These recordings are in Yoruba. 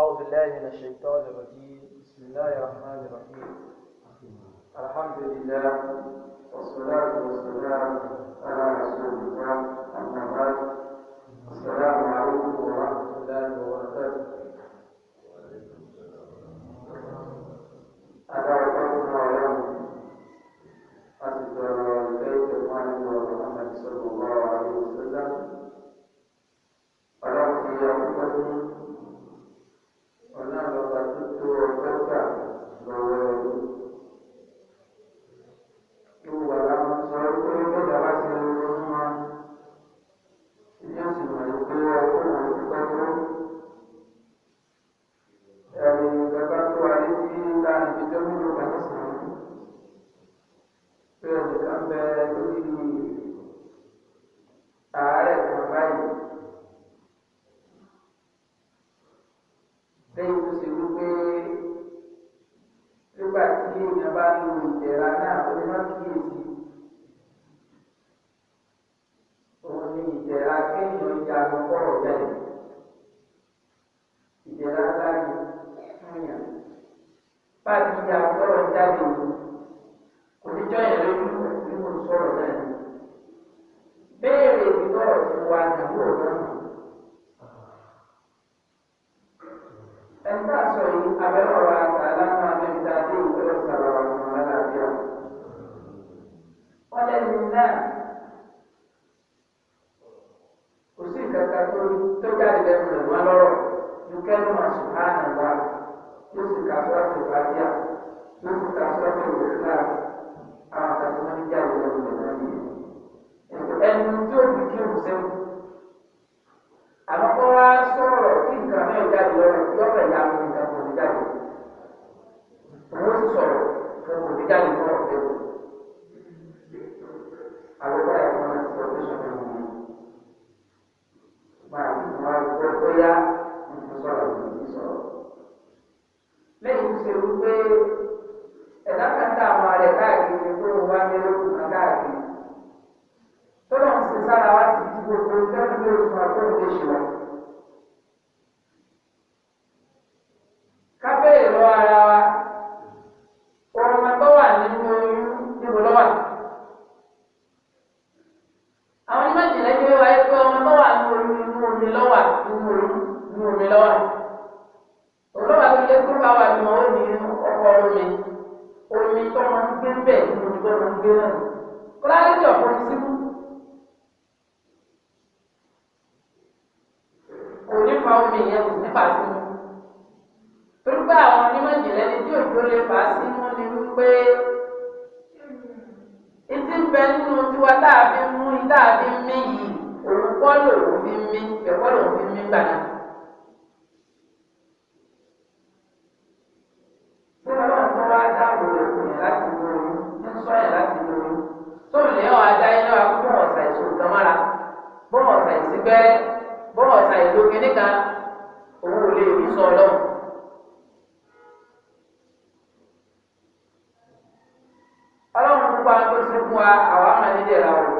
أعوذ بالله من الشيطان الرجيم بسم الله الرحمن الرحيم الحمد لله والصلاة والسلام على رسول الله أما بعد السلام عليكم ورحمة الله وبركاته omi inú omi lọ́wà inú omi inú omi lọ́wà. Olúwa ti jẹ́ kó bá wa jùmọ̀ ó ní ọkọ̀ omi. Omi tó máa ń gbé bẹ́ẹ̀ ni omi tó máa ń gbé náà. nígbà náà. Ṣé ọlọ́run tó wá dáàbò ẹ̀kọ́ yẹn láti lóyún? Ṣé sọ yẹn láti lóyún? Tó lè ọ̀ adá iná akúkọ̀ ọ̀sà ìṣòwò mọ́ra, bọ́ọ̀ ọ̀sà ìsígbẹ́rẹ́, bọ́ọ̀ ọ̀sà ìlú kìnnìkan, òun ò lè rí sọ ọlọ́run. Ọlọ́run gbogbo àwọn tó ṣe fún wa, àwa máa nílẹ̀ ra òun.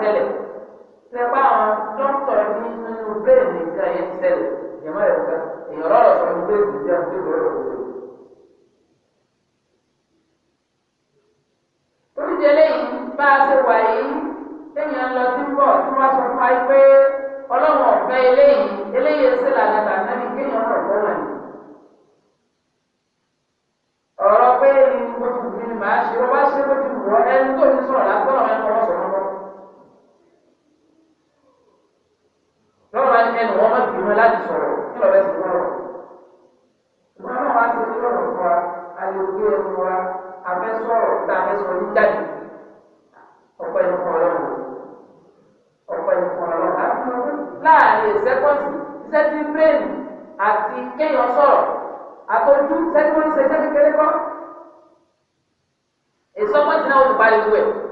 ṣẹlẹ̀ sẹ́pà àwọn dókítà ní nínú bẹ́ẹ̀ nìkan yẹn ṣẹlẹ̀ jẹ̀mọ́ ẹ̀ka èèyàn rọrọ̀ sọ̀rọ̀ bẹ́ẹ̀ ti jẹ́ àti 排队。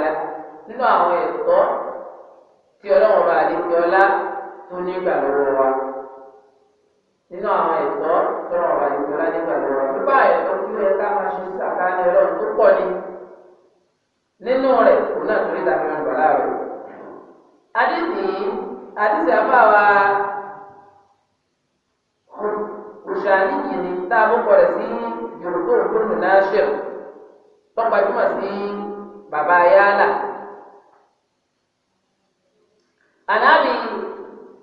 ta'ala nínú àwọn ẹ̀tọ́ tí ọlọ́run bá lè fi ọlá tó nígbà lọ́wọ́ wa nínú àwọn ẹ̀tọ́ tọ́rọ̀ bá lè fi ọlá nígbà lọ́wọ́ wa nípa ẹ̀tọ́ kí ó yẹ ká máa ṣe sàkáàní ọlọ́run tó pọ̀ ni nínú rẹ̀ òun náà torí tàbí wọn gbà láàrẹ̀ adéṣì adéṣì àbáwa òṣàní yìí ni tá a mú pọ̀ rẹ̀ sí yorùbá òkúrò náà ṣẹ̀ tọ́gbàjúmọ̀ sí. bàbá yálà anabi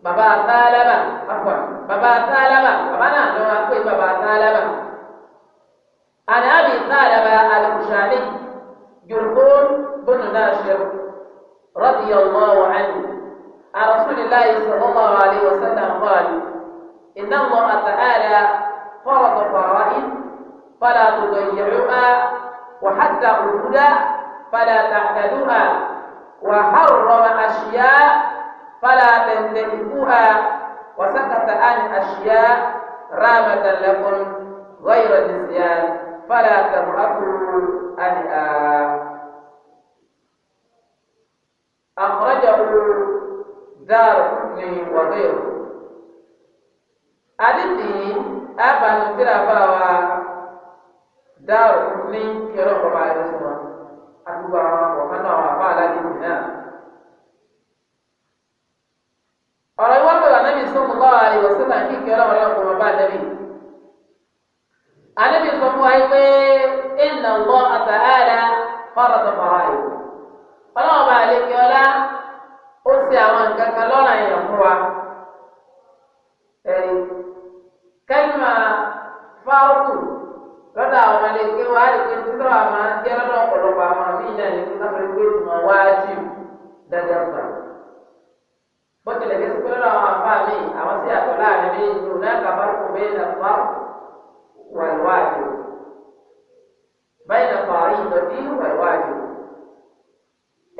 bàbá tálàbà pàpà bàbá tálàbà bàbá náà lọ wá pé bàbá tálàbà anabi tálàbà alùsàlẹ jùlùkún bùnú náà ṣe rọdí ọlọ́wọ́ ẹni arásùlélàyé sọlọ́mọ àlẹ́ wọ́sẹ̀ náà kọ́ọ̀lù iná mọ́ àtàlẹ́ fọ́ọ̀tọ̀ fọ́ọ̀rọ̀ yìí fọ́lá tó gbẹ̀yẹ̀rù á wọ́n hàtà òkúdá. فلا تعتدوها وحرم أشياء فلا تنتهكوها وسكت عن أشياء رامة لكم غير نسيان فلا تبعثوا أهلها أخرجه دار قطني وغيره أدتي أبا نترى دار قطني كيرو بعد اسمه gbogbo àwọn akọ̀ọ̀kan náà àwọn àbá aládé nì náà. ọ̀rọ̀ ìwọ́n pẹ̀lú anábì sọ́kùn bá wàhálì wọ̀ sílẹ̀ kí ìkẹ́ ọlọ́run náà kò mọ bá anábì. anábì sọ fún wa pé inna Allah ta'ala fọ́ọ̀rọ̀ tó fọ́ọ̀rọ̀ yìí. ọlọ́run bá alẹ́ kí ọlá ó ṣe àwọn nǹkan kan lọ́rọ̀ àyàn fún wa. ẹ̀yìn lè gbé wá ìpè títọ́ àmà jẹ́ lọ́dọ̀ ọ̀pọ̀lọpọ̀ àwọn àmì ìyá ní kí káfíń gbé ìtumọ̀ wájú dáadáa gbà. bọ́tìlẹ̀ kí sípé lọ́dọ̀ àwọn àfáà mi àwọn sí àtọ̀ láàrin ní ìlú náà kàbárùkù bẹ́ẹ̀ nà fà wàlúwàjú. báyìí nà fà rí ìdọ̀tí wàlúwàjú.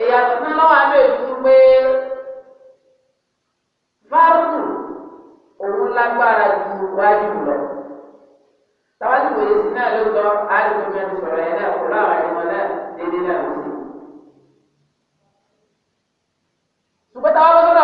ìyàtọ̀ náà lọ́wọ́ àmì òjú pé fárùkù òun lágbára ju wájú lọ tàbátì wòye sí náà ló gbọ́ àdìgbò mi àti sọ̀rọ̀ yẹn náà kò láwọn ẹni wọn náà déédéé náà ló sì. ṣùgbọ́n táwọn lọ́sọ̀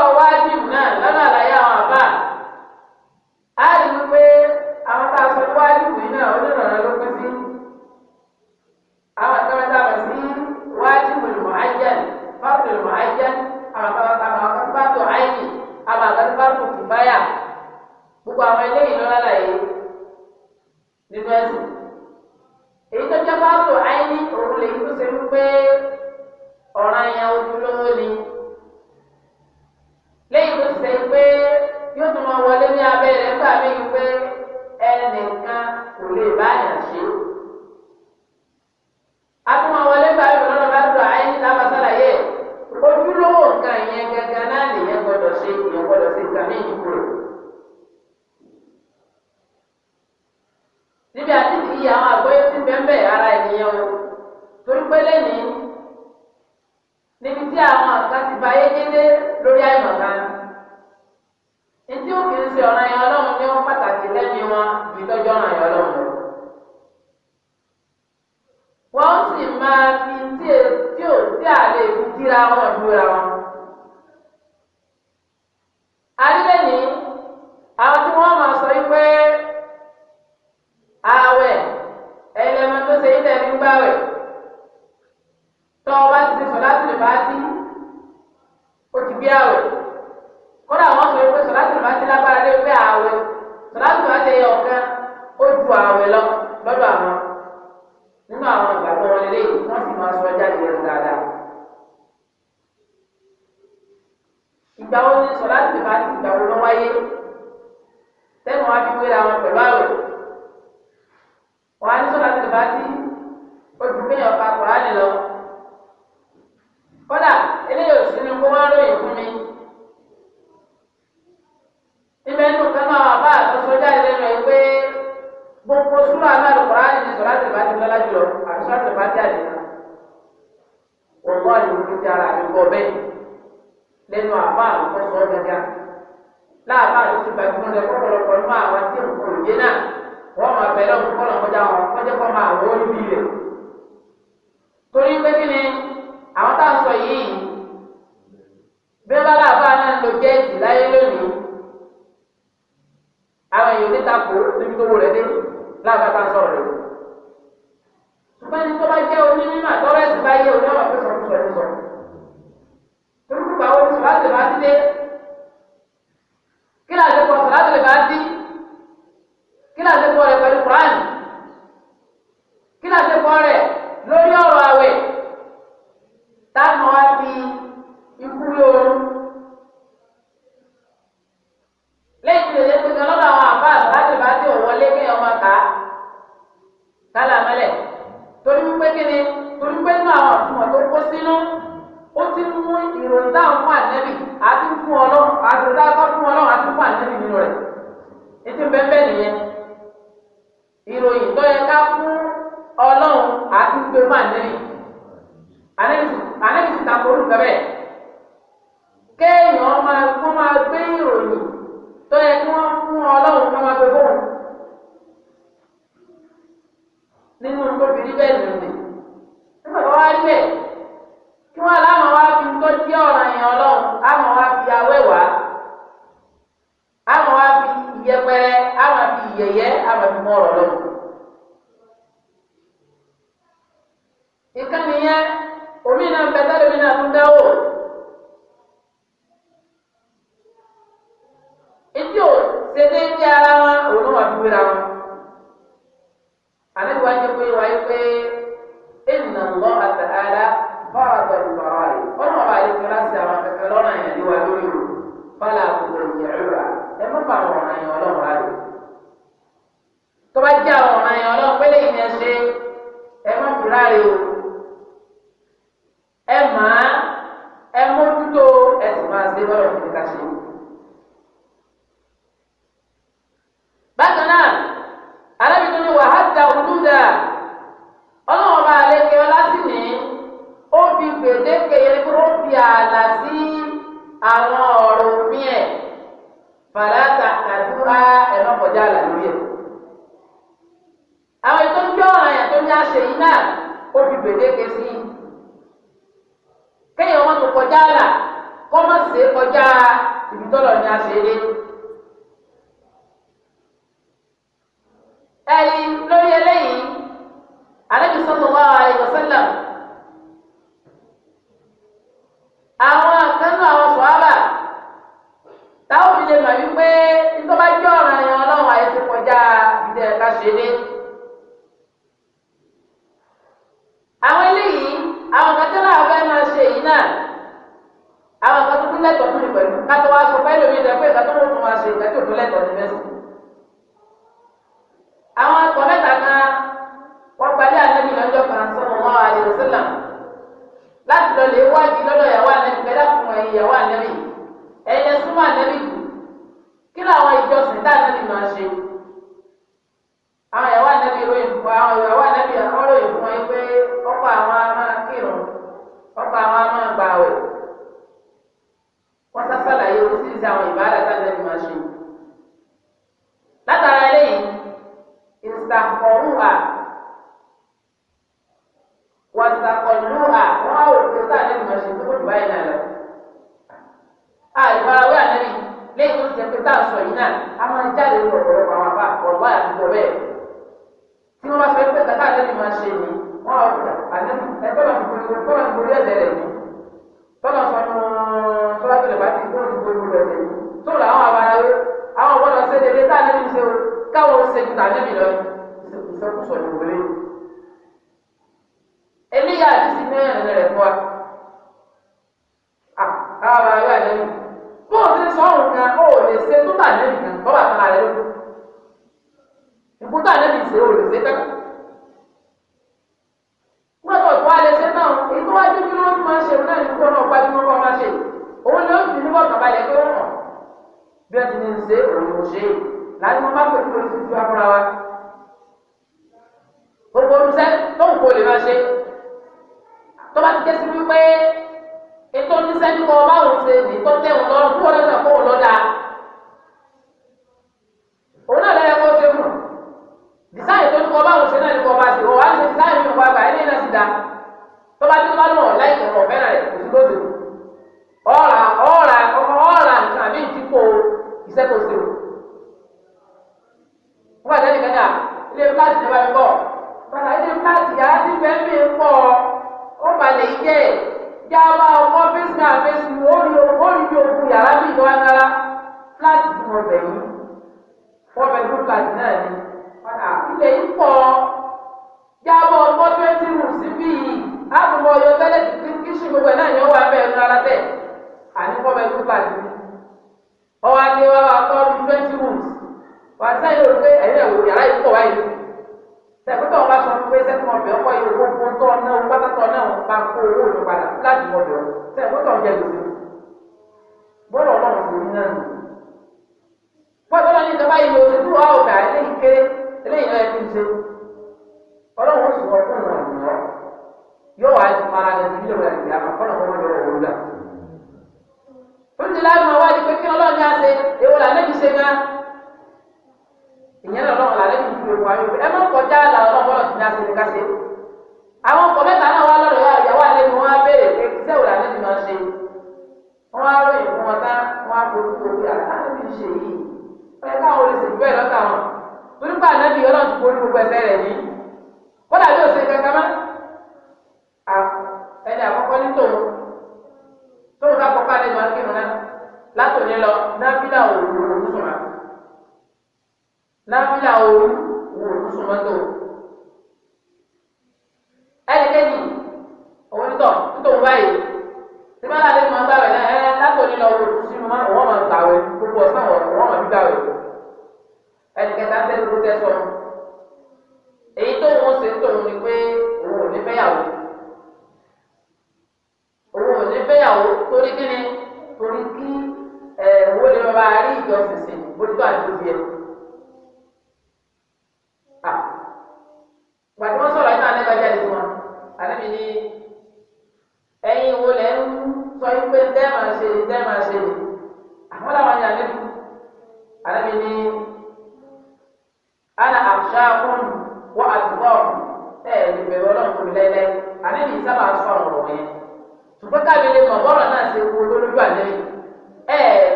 níbi tí àwọn àgbà ti bá yé dédé lórí àyànká ntí òkè ń ṣe ọ̀ràn yẹn ọlọ́run ní wọn pàtàkì lẹ́yìn wọn ju tọ́jú ọ̀ràn yẹn ọlọ́run wọ́n sì máa fi tí ò tí àlè fi kíra wọn dúra wọn. yá o kódà wọn sọ pé sọláàtì bá ti lágbára lé pé ààwẹ̀ sọláàtì bá ti yẹ ọ̀kan ó ju ààwẹ̀ lọ lọ́dọ̀ àwọn nínú àwọn ìgbàgbọ́ wọn lélẹ́yìí wọ́n sì máa sọ jáde lẹ́nu dáadáa. ìgbà wo ni sọláàtì bá ti gbà wọ́n wáyé tẹ́nu wá fi wéra wọn pẹ̀lú ààwẹ̀ wọ́n á ní sọláàtì bá ti. kí wọ́n láwọn wá fi tó jẹ́ ọ̀ràn yẹn ọlọ́run àwọn wá fi awẹ́wà àwọn wá fi ìyẹpẹrẹ àwọn fi ìyẹyẹ àwọn fi mọ́ ọ̀rọ̀ lọ́wọ́. se de da tọ́ba tí wọ́n lọ láì kọ̀ọ̀kan fẹ́ràn rẹ̀ kò sí lóde ọ̀ra ọ̀ra ọ̀ra nǹkan àbí ìdíkò ìṣẹ́kọ̀ọ́sí no.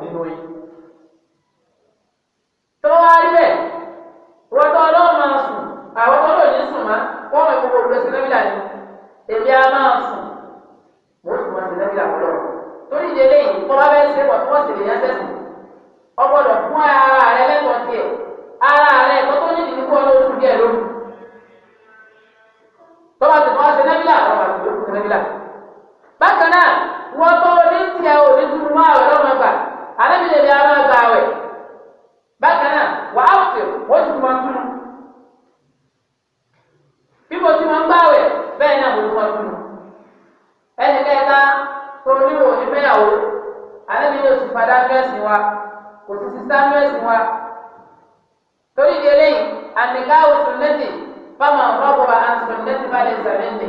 nínú yín. tó wá rí bẹ́ẹ̀ wọ́n tọ́ ọlọ́run máa sùn àwọn tó lòdì sùn má wọ́n mọ ìkókó òdúró sí lẹ́bílà ni èmi á máa sùn mo sì máa sí lẹ́bílà fọlọ́ torí ìdílé yìí tó wá bẹ́ẹ̀ ṣe pọ̀ tó wọ́n sì lè yẹn sẹ́sìn ọgbọ́dọ̀ fún ara rẹ lẹ́kọ̀ọ́ tiẹ̀ ara rẹ tó tó nídìí nípò olóṣù díẹ̀ lónìí tọ́wọ́ ti fọ́ ṣe lẹ́bílà tọ́wọ́ ti lókun lẹ́bílà bákan náà dáadáa ní ẹ̀sìn wa kò sí sísá ní ẹ̀sìn wa torí di eléyìí àníká òsùn nẹ́tì fáwọn ọ̀rọ̀ bọ̀ àǹtí nẹ́tì bá lè sàmẹ́ńdì.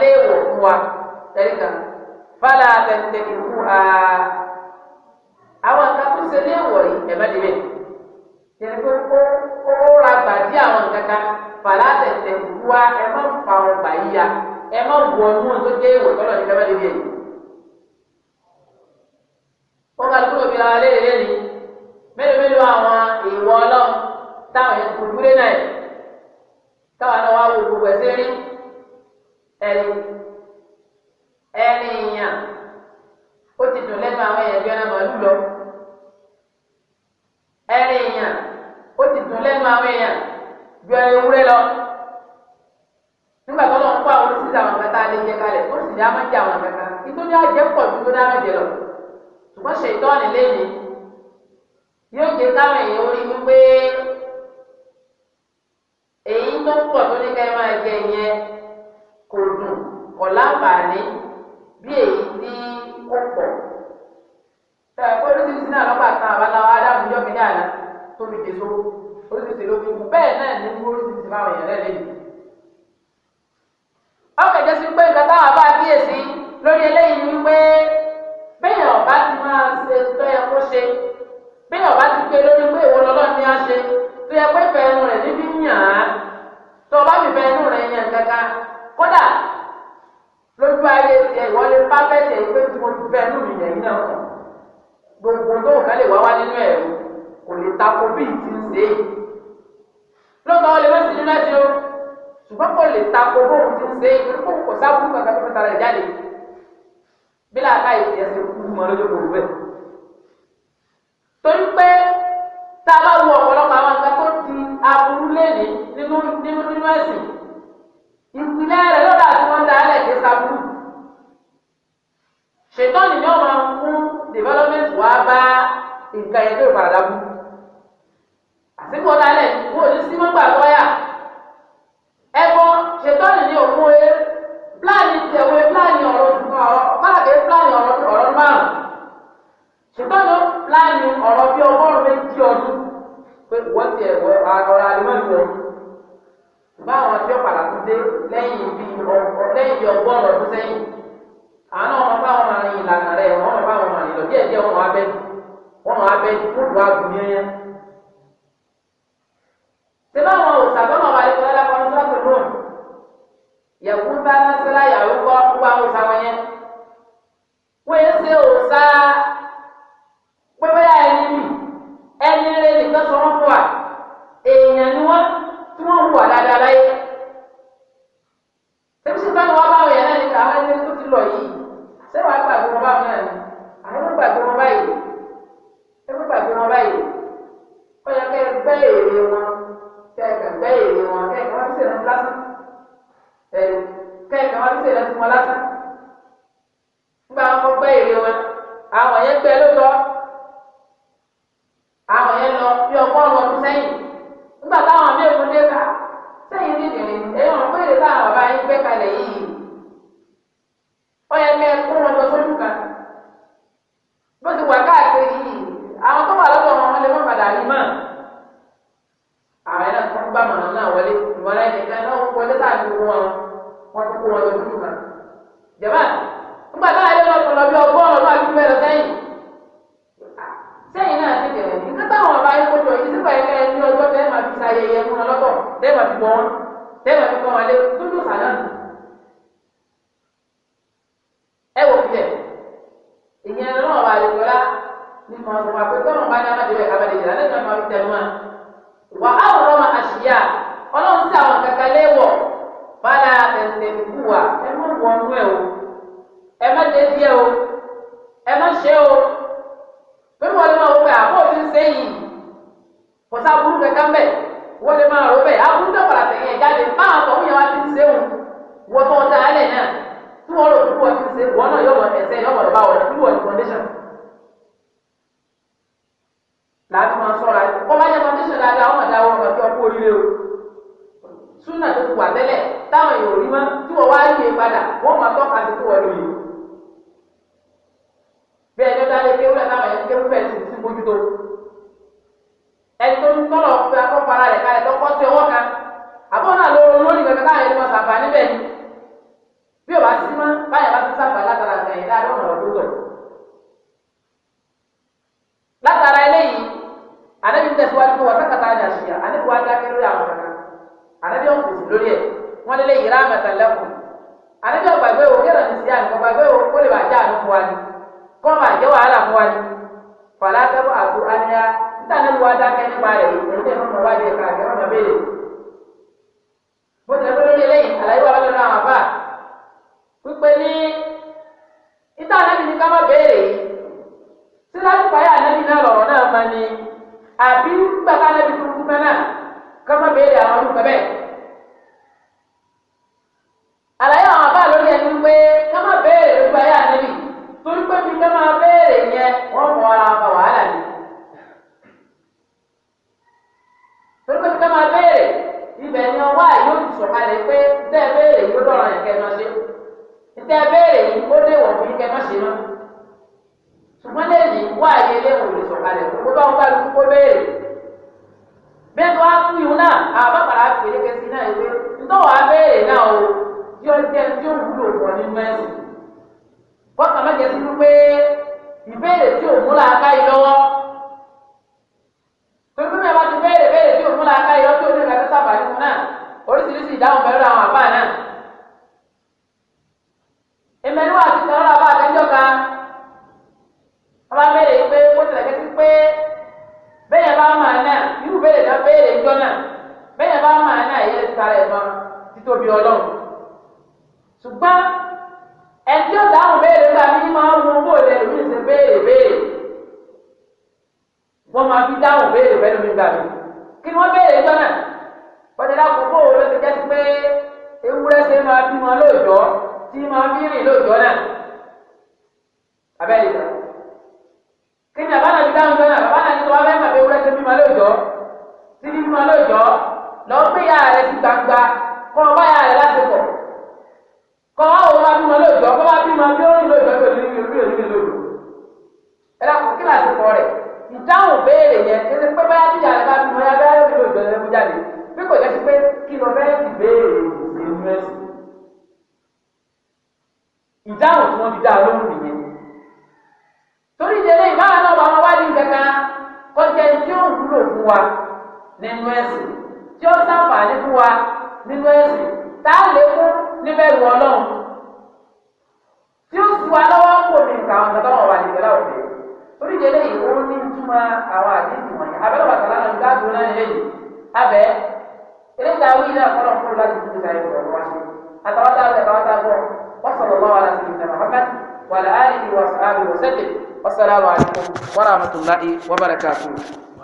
léèwọ̀ fún wa tẹ́lifà fálà tẹ̀tẹ̀ ìkú a àwọn kan tó ṣe léèwọ̀ yìí ẹ̀ má débẹ̀ yẹn pé ó rọra gbàdí àwọn kankan fálà tẹ̀tẹ̀ ìkú a ẹ̀ má fa ọgbà yìí ya ẹ̀ má wọnú tó dé ìwọ̀ tọ́lọ̀ ní ẹ̀ má débẹ̀ yìí wọn bá dúró bí ara léèrè lẹ́ni mélòó mélòó àwọn ìwọ ọlọ́run táwọn ìkùnkùn lé náà táwọn náà wá wo gbogbo ẹsẹ̀ rí ẹni ẹni ìyàn ó ti dùn lẹ́nu àwọn èèyàn bí ọ̀nà màálù lọ ẹni ìyàn ó ti dùn lẹ́nu àwọn èèyàn bí ọ̀nà ewúrẹ́ lọ nígbà tó lọ ń kó àwọn oríṣiríṣi àwọn kata lè jẹ kalẹ̀ ó sì ní a máa jẹ àwọn kata nítorí àjẹ pọ̀ ju tó ní a máa jẹ lọ ṣùgbọ́n ṣètọ́ ni lẹ́yìn yóò jẹ káwọn èèyàn orí wípé. òòsà lásìlá yàwó kọ́ wá òòsà wọn yẹn wọ́n yẹn ṣe òòsà pẹ́pẹ́yà ẹni mi ẹni rẹ nìkan sọ wọn fún wa èèyàn ni wọ́n tí wọ́n hùwà dáadáa láyé tẹ́bí sí táwọn wá báwọn yẹn náà ní káwọn ẹni tó ti lọ yìí sẹ́wọ̀n àgbàgbọ́ wọn báwọn náà ni àwọn ẹgbẹ́ gbàgbọ́ wọn báyìí ẹgbẹ́ gbàgbọ́ wọn báyìí wọ́n yẹ kẹ́ gbẹ́ èrè wọn kẹ́ gbẹ́ èrè wọn kẹ́ wọ́n sì rán lásán bẹ́ẹ̀ kí wọ́n ti ṣèlè tí wọ́n lásán. nígbà wọn kọ́ gbẹ́ wọn àwọn yẹn gbẹ́ lóòótọ́ one of your one and say your about what do the condition lòdù ẹ dàpọ̀ kí làásìkò rẹ̀ ìdáhùn béèrè yẹn kí ni pé báyà الله وبركاته